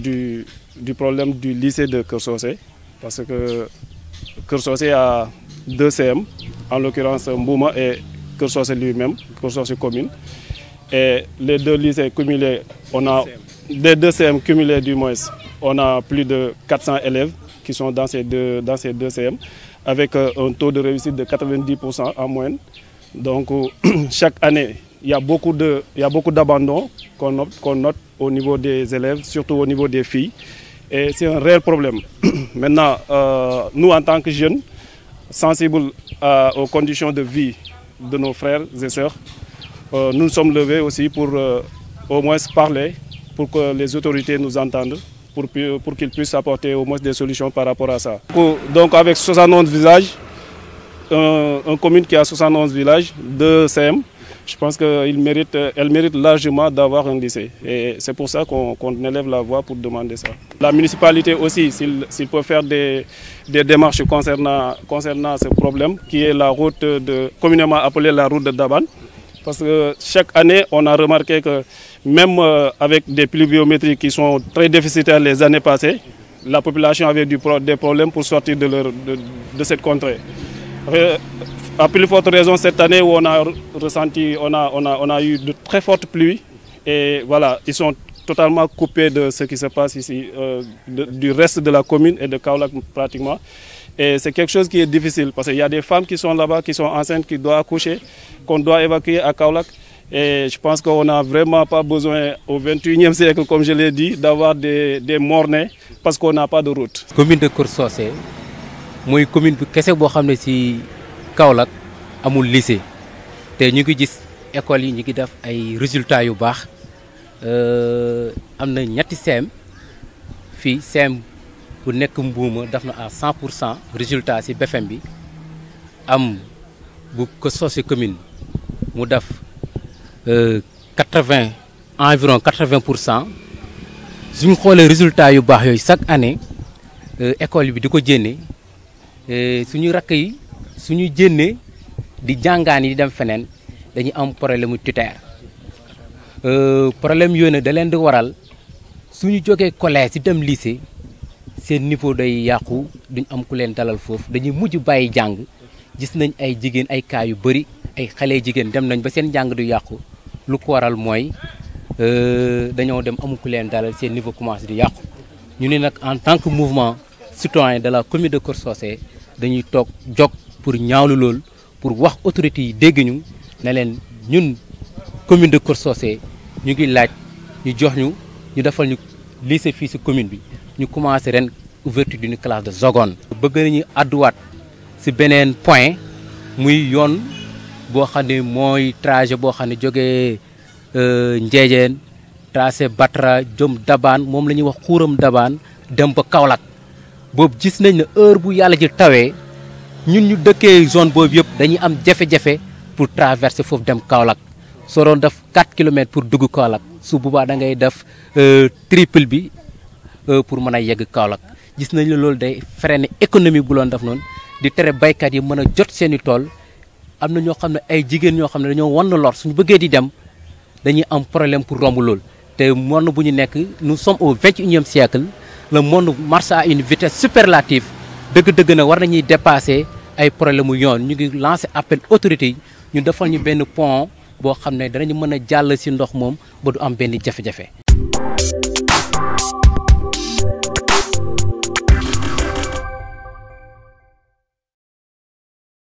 Du, du, problème du lycée de Kersosé, parce que Kersosé a deux CM, en l'occurrence Mbouma et Kersosé lui-même, Kersosé commune. Et les deux lycées cumulés, on a des deux CM cumulés du moins, on a plus de 400 élèves qui sont dans ces deux, dans ces deux CM, avec euh, un taux de réussite de 90% en moyenne. Donc euh, chaque année, il y a beaucoup d'abandon qu'on note, note au niveau des élèves, surtout au niveau des filles. Et c'est un réel problème. Maintenant, euh, nous en tant que jeunes, sensibles aux conditions de vie de nos frères et sœurs, nous nous sommes levés aussi pour au moins parler, pour que les autorités nous entendent pour, qu'ils puissent apporter au moins des solutions par rapport à ça. Donc avec 71 villages, un, une commune qui a 71 villages, 2 CM, je pense qu'elle mérite, largement d'avoir un lycée. Et c'est pour ça qu'on élève la voix pour demander ça. La municipalité aussi, s'il peut faire des, démarches concernant, concernant ce problème, qui est la route de, communément appelée la route de Daban, parce que chaque année, on a remarqué que même euh, avec des pluies biométriques qui sont très déficitaires les années passées, la population avait des problèmes pour sortir de, cette contrée. à plus forte raison, cette année où on a ressenti, on a, eu de très fortes pluies. Et voilà, ils sont totalement coupés de ce qui se passe ici, euh, du reste de la commune et de Kaolak pratiquement. Et c'est quelque chose qui est difficile parce qu'il y a des femmes qui sont là-bas, qui sont enceintes, qui doivent accoucher, qu'on doit évacuer à Kaolak. Et je pense qu'on n'a vraiment pas besoin au 21e siècle, comme je l'ai dit, d'avoir des, des nés parce qu'on n'a pas de route. La commune de Coursosé, c'est une commune qui est en Kaolak, mon lycée. Et nous avons vu l'école, les avons des résultats qui sont bons. Nous avons des CM, CM ku nek mbuuma daf na à 100 pour cent résultat bi am bu ko sosi commune mu euh 80 environ 80 pour cent suñ xoolee résultat yu bax yoy chaque année euh, école bi diko ko euh suñu rak yi suñu jénnee di jangani di dem fenen dañuy am problème mu euh problème yooyu nag da leen di waral suñu jógee collège di dem lycée seen niveau day yàqu duñ am ku leen dalal foofu dañuy mujj bàyyi jàng gis nañ ay jigéen ay cas yu bëri ay xalee jigéen dem nañ ba seen jàng du yàqu lu ko waral mooy euh, dañoo dem amu ku leen dalal seen niveau commencé di yàqu ñu ne nag en tant que mouvement citoyen de la commune de Keur Socé dañuy toog jog pour ñaawlu lool pour wax autorités yi dégg ñu ne leen ñun commune de Keur Socé ñu ngi laaj ñu jox ñu ñu defal ñu lycée fii si commune bi ñu commencé ren ouverture d'une classe de seconde. bëgg nañu àdduwaat si beneen point muy yoon boo xam ne mooy trajet boo xam ne jógee euh, Ndiédiène tracé Batra jëm Dabaan moom la ñuy wax xuuram Dabaan dem ba Kaolack boobu gis nañ ne heure bu yàlla ji tawee ñun ñu dëkkee zone boobu yëpp dañuy am jafe-jafe pour traverse foofu dem Kaolack soo doon def 4 kilomètres pour dugg Kaolack su boobaa da ngay def euh, triple bi. pour mën a yegg Kaolack gis nañ ne loolu day freiner économie bu loon def noonu di tere baykat yi mën a jot seen i tool am na ñoo xam ne ay jigéen ñoo xam ne dañoo wan lor suñu bëggee di dem dañuy am problème pour romb lool te monde bu ñu nekk nu sommes au vingt et unième siècle le monde marche à une vitesse dëgg-dëgg na war nañuy dépasser ay problème mu yoon ñu ngi lancé appel autorité yi ñu defal ñu benn pont boo xam ne danañu mën a jàll si ndox moom ba du am benn jafe-jafe